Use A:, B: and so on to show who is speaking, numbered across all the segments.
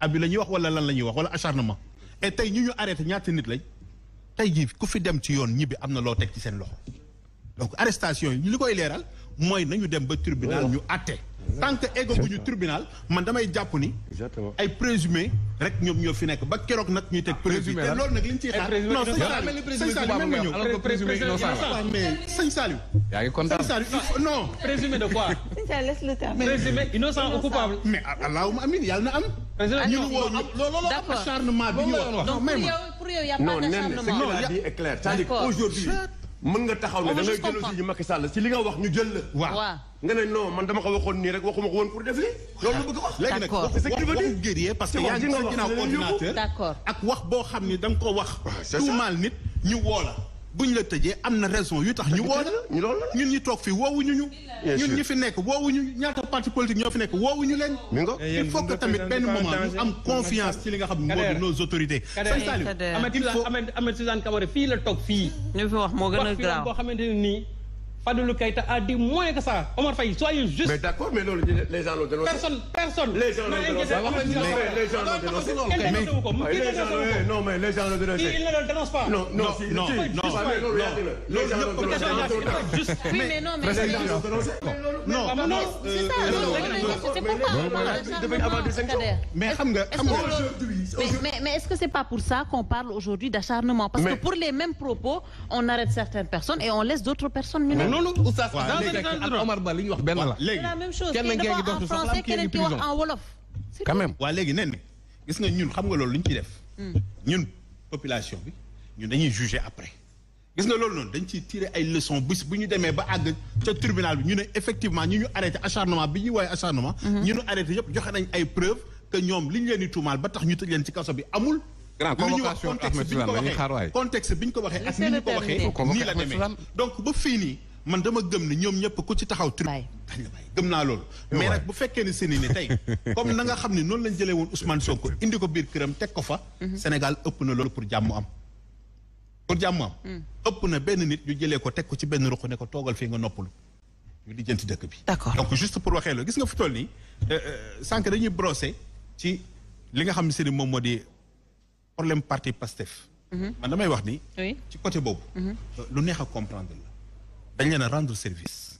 A: abi la ñuy wax wala lan la ñuy wax wala acharnement tey ñu ñu arrêté ñaata nit lañ tey jii ku fi dem ci yoon ñibbi am na loo teg ci seen loxo donc arrestation yi li koy leeral mooy nañu dem ba tribunal ñu àtte tant que ñu tribunal man damay jàpp ni ay présumé rek ñoom ñoo fi nekk ba keroog nag ñuy teg ah, président te loolu nag li ñu ciy eh, xaar non sëñ Saliou même ma ñëw présumé innocent mais sëñ Saliou yaa ngi kontaan sëñ Saliou non présumé de quoi
B: présumé innocent ou coupable
A: mais allahuma amin yàlla na am ñu woo ñu loolu acharnement bi ñu wax non
B: pour yow y a pas d'acharnement non c'est que la vie est
A: claire c'est-à-dire aujourd'hui mën nga taxaw ne da ngay jël aussi Macky Sall si li nga wax ñu jël la. waaw nga ne man dama ko waxoon nii rek waxuma ko woon pour def lii. loolu bëgg wax léegi nag wax waxu guerrier parce que yaa ngi ak wax boo xam ni da nga ko wax. tuumaal nit ñu woo bu ñu la tëjee am na raison yu tax ñu woo la ñun ñu toog fii woowuñu ñu ñu ñi fi nekk woowuñu ñaata parti politique ñoo fi nekk woowuñu leen eh, il faut que tamit benn moment ñu am confiance ci li nga xam ne moo di nos autorités sëñ Saliou Ahmed Suzanne fii la toog fii ñu fi wax moo gën a grave boo
B: xamante ne nii Fadilou Keïta a dit moins que ça
A: Omar Faye soyez juste. mais d'accord mais non, les gens l'ont personne personne. les gens l'ont dénoncé non mais les gens l'ont dénoncé. il ne le dénoncent pas. non non non mais C'est xam non, xam nga
B: mais est-ce que c'est pas pour ça qu'on parle aujourd'hui d'acharnement parce que pour les mêmes propos on arrête certaines personnes et on laisse d'autres personnes loolu oustaz. waaw léegi
A: Omar Ba li ñu wax benn la. léegi kenn ngeen ngi dox soxla am kii ngi prison quand même. waaw léegi nen gis nga ñun xam nga loolu lu ñu ciy def. Hmm. ñun population bi ñun dañuy juger après. gis nga loolu noonu dañ ciy tirer ay leçons bis bu ñu demee ba àgg ca tribunal bi ñu ne effectivement ñu ñu arrêté acharnement bi ñuy woowee acharnement. Hmm. ñu ñu arrêté yëpp joxe nañ ay preuves que ñoom liñ ñu leen di tuumaal ba tax ñu tëj leen ci kaso bi amul. grand convocation Ahmed Suzanne la ñuy xaar waay contexte biñ ko waxee contexte bi ko waxee ak ni ñu ko waxee. nii la demee donc ba fii nii. man dama gëm ne ñoom ñëpp ku ci taxaw tri dañ la naa loolu mais nag bu fekkee ne seeni ni tey comme na nga xam ne noonu lañ jëlee woon Ousmane Sonko indi ko biir këram teg ko fa mhm. Sénégal ëpp na loolu pour jàmm am pour jàmm am mm. ëpp na benn nit ñu jëlee ko teg ko ci benn ruq ne ko toogal fii nga noppalu ñu lijjanti dëkk bi d'accord donc juste pour waxee loolu gis nga fu toll nii euh, euh, sànq dañuy brosser ci li nga xam ne seeni moom moo di problème parti Pastef mhm. man damay wax ni ci côté boobu mhm. neex a comprendre Nous rendons rendre service.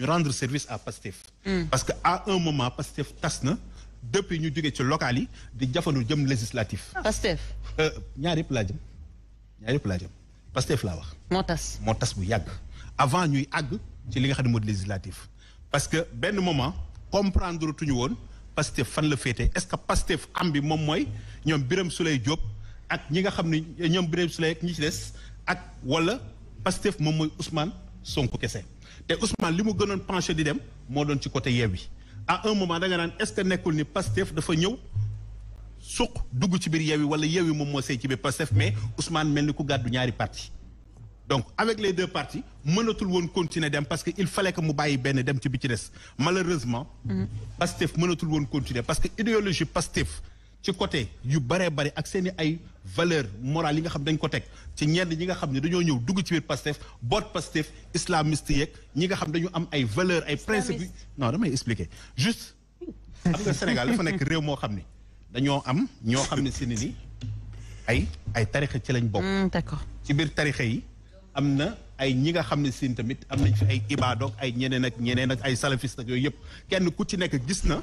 A: rendre service à Pastef. Mm. parce qu'à un moment Pastef tas depuis que nous ci local yi di fait jëm législatif. Pastef. Euh, ñaar fait Pastef avant nous avons fait un nga législatif parce que nous moment comprendre tuñu monde, Pastef fan la est-ce que Pastef am bi moom mooy ñoom ak wala Pastef moom mooy Ousmane Sonko kese te Ousmane m'a donné pencher di dem moo doon ci côté Yewwi à un moment da nga naan est-ce que ni Pastef dafa ñew suq dugg ci bir Yewwi wala Yewwi mom mo sey ci biir Pastef mais Ousmane melni ku gaddu ñaari parti donc avec les deux parties mënatul won continuer dem parce que il fallait que mu bàyyi ben dem ci bi ci dess malheureusement. Mm-hmm. Pastef mënatul won continuer parce que idéologie Pastef ci côté yu baree bari ak seen i ay valeur morale yi nga xam dañ ko teg ci ñenn ñi nga xam ne dañoo ñëw dugg ci biir Pastef boot Pastef islamiste yeeg ñi nga xam dañu am ay valeur ay principe non damay expliquer juste am nga Sénégal dafa nekk réew moo xam ne dañoo am ñoo xam ne si ni ni ay ay tarixe ci lañ bokk hmm, d'accord ci biir tarixa yi am na ay ñi nga xam ne si tamit am nañ fi ay ibaadoog ay ñeneen ak ñeneen ak ay salafiste ak yooyu yëpp kenn ku ci nekk gis na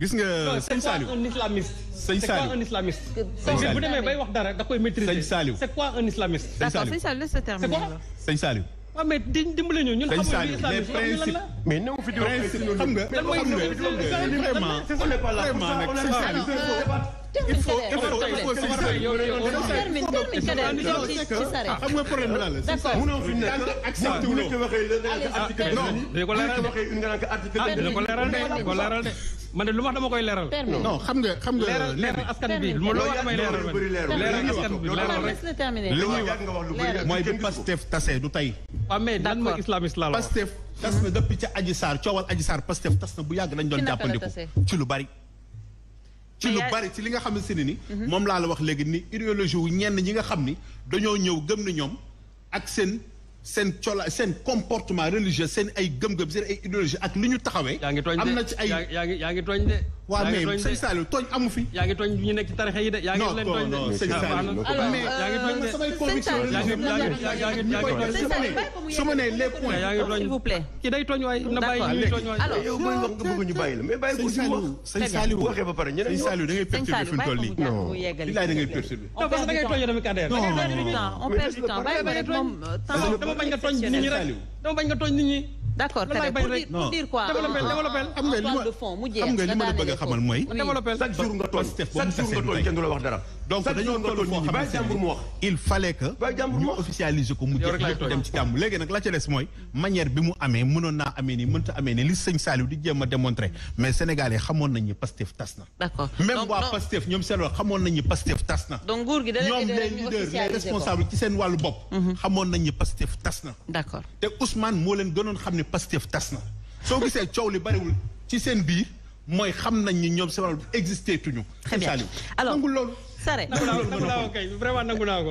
A: gis nga sëñ Saliou un
B: islamiste. sëñ Saliou c'est quoi un islamiste. bu demee bay wax dara da koy maîtriser. sëñ
A: Saliou c'est quoi un islamiste. sëñ Saliou d'accord sëñ
B: Saliou laisse terminer la. sëñ Saliou. waaw mais dimbali ñu ñun xamuñu islamiste xamuñu lan la. mais néew fi di xam nga. lan mooy vraiment vraiment nag sëñ Saliou. il faut il faut il faut sëñ Saliou. xam nga problème bi lan la. d'accord mënoo fi nekk accepté wu loo.
A: non. dina ko leeral
B: de dina ko leeral de. man de lu ma dama koy leeral. non xam nga xam nga. leeral leeral askan bi lu wax damay leeral askan bi leeral mooy bi
A: Pastef tase du tey. waaw mais lan mooy islamiste la la Pastef tas na depuis ca Adji Sarr coowal Adji Sarr Pastef tas na bu yàgg dañ doon jàppandiku ci lu bari. ci lu bari ci li nga xamante ne ni. Mhm. moom laa la wax léegi ni idéologie wu ñenn ñi nga xam ni dañoo ñëw gëm na ñoom ak seen. seen cola seen comportement religieux seen ay gëm-gëm seen ay idéologie ak li ñu taxawee. am na ci ay yaa ngi yaa ngi tooñ de. waaw mais sëñ Saliou tooñ amu fi. yaa ngi tooñ ñu nekk ci tarixa yi de. yaa ngi leen tooñ de non ba pare ñeneen ñi wax sëñ Saliou da ngay perturbé fi mu bañ nga tooñ nit rek
B: dama bañ nga tooñ nit d'accord accord pour dire quoi xam nga li mu xam nga li ma la bëgg a xamal
A: chaque jour nga tooñ chaque jour nga tooñ kenn du la wax dara. donc dañoo toll foo mu wax il fallait que ñu officialiser ko mu jeex dem ci jàmm léegi nak la ci des moy manière bi mu amé mënon na amé ni mënta amé ni li sëñ Saliou di jéem démontrer mais sénégalais xamoon nañu Pastef tasna d'accord même wa Pastef ñom seen loolu xamoon nañu Pastef tasna
B: donc nguur gi da lay les leader les responsables
A: ci seen wàllu bopp. Mhm. xamoon nañu Pastef tasna d'accord d' te Ousmane mo leen gënoon xamné Pastef tasna so soo gisee coow li bariwul ci sen biir moy xam nañ ni ñom seen existé tuñu. très bien alors nangu lool sare vraiment nangu naa ko.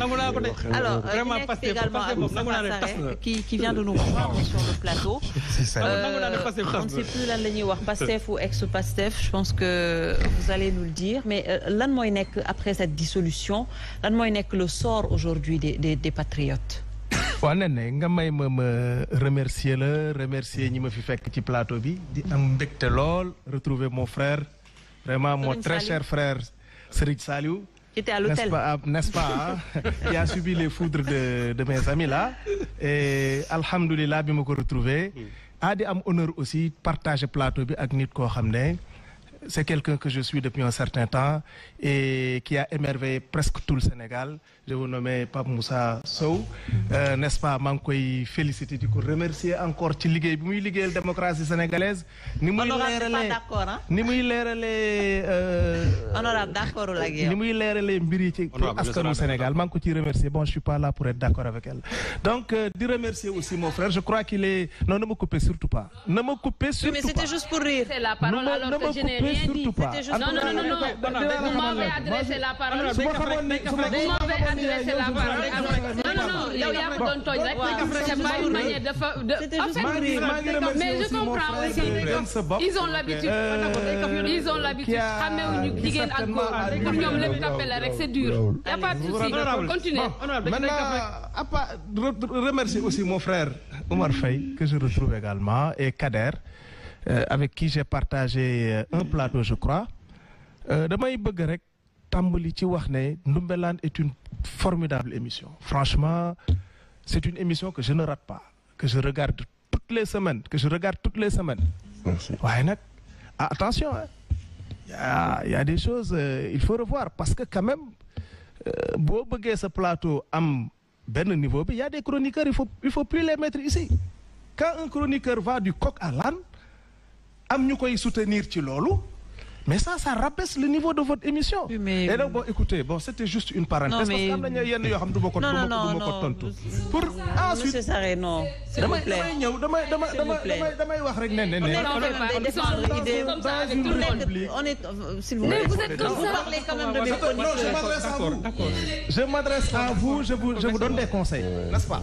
B: nangu naa ko alors vraiment euh, Pastef boobu nangu naa ne tasna na qui qui vient de nous voir sur le plateau. c'est ça nangu ne euh, Pastef tas on sait plus lan lañuy wax Pastef ou ex Pastef je pense que vous allez nous le dire mais euh, lan moy nek après cette dissolution lan moy nek le sort aujourd'hui des des des patriotes. Je nen nga may ma remercier la remercier ñi fi fekk ci plateau bi di am mbégte lool retrouver mon frère vraiment mon très cher frère Serigne Saliou nest pas, n'est-ce pas ah, hein? qui a subi les foudres de, de mes amis là. Et alhamdoulilah je me ko retrouvé. Mm. a ah, di am honneur aussi partager plateau avec ak nit c'est quelqu'un que je suis depuis un certain temps et qui a émerveillé presque tout le Sénégal. Je vous nommais Pape Moussa Sow. Euh, N'est-ce pas, je koy féliciter, du coup, remercier encore ci liguey bi muy la démocratie sénégalaise. Ni muy léralé d'accord hein? Ni muy léralé euh honorable d'accord ak yow. Ni muy léralé mbir yi Sénégal. Je ko ci remercier. Bon, je suis pas là pour être d'accord avec elle. Donc euh, de remercier aussi mon frère. Je crois qu'il est non ne me coupez surtout pas. Ne me coupez surtout oui, mais pas. mais c'était juste pour rire. C'est la parole ne alors que non non non non non vous m'avez adressé la parole vous m'avez adressé la parole non non non, non, non, non, mais je comprends aussi euh, ils ont l'habitude ils ont l'habitude c'est dur y a pas de souci continuez remercier aussi mon frère Omar Faye que je retrouve également et Kader euh, avec qui j'ai partagé euh, un plateau je crois euh, damay il rek tambali ci wax est une formidable émission franchement c'est une émission que je ne rate pas que je regarde toutes les semaines que je regarde toutes les semaines ah, attention il hein. y, a des choses il faut revoir parce que quand même vous bëggee ce plateau am ben niveau il y a des chroniqueurs il faut il faut plus les mettre ici quand un chroniqueur va du coq à l'âne soutenir mais ça ça rabaisse le niveau de votre émission. écoutez bon c'était juste une parenthèse. non je m'adresse à vous je vous je vous donne des conseils n'est-ce pas.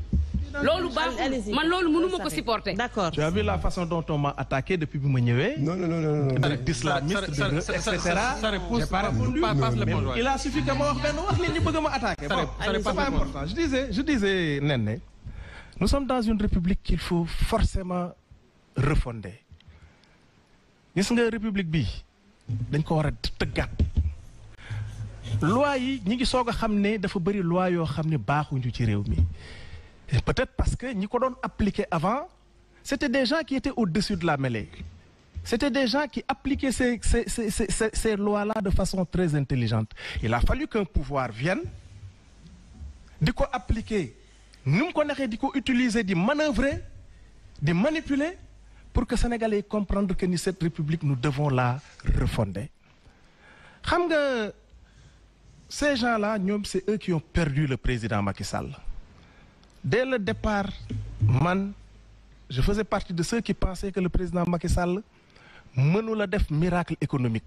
A: loolu baaxul
B: man loolu supporter. d'accord tu as vu la façon dont on m'a attaqué depuis que je suis venu non non non non non. d'islamiste et cetera. il a suffi que je wax benn wax nit ñi bëgg ma attaqué. Ce c'est pas important je disais je nous sommes dans une république qu'il faut forcément refonder gis une république bi dañ ko de a loi yi ñi ngi soog a xam ne dafa bëri loi yoo xam ne baaxuñu ci réew mi peut-être parce que nous appliquait avant, c'était des gens qui étaient au-dessus de la mêlée. C'était des gens qui appliquaient ces, lois-là de façon très intelligente. Il a fallu qu'un pouvoir vienne, de quoi appliquer, nous avons de quoi utiliser, de manœuvrer, de manipuler, pour que les Sénégalais comprennent que cette République, nous devons la refonder. ces gens-là, c'est eux qui ont perdu le président Macky Sall dès le départ man je faisais partie de ceux qui pensaient que le président Macky Sall la def miracle économique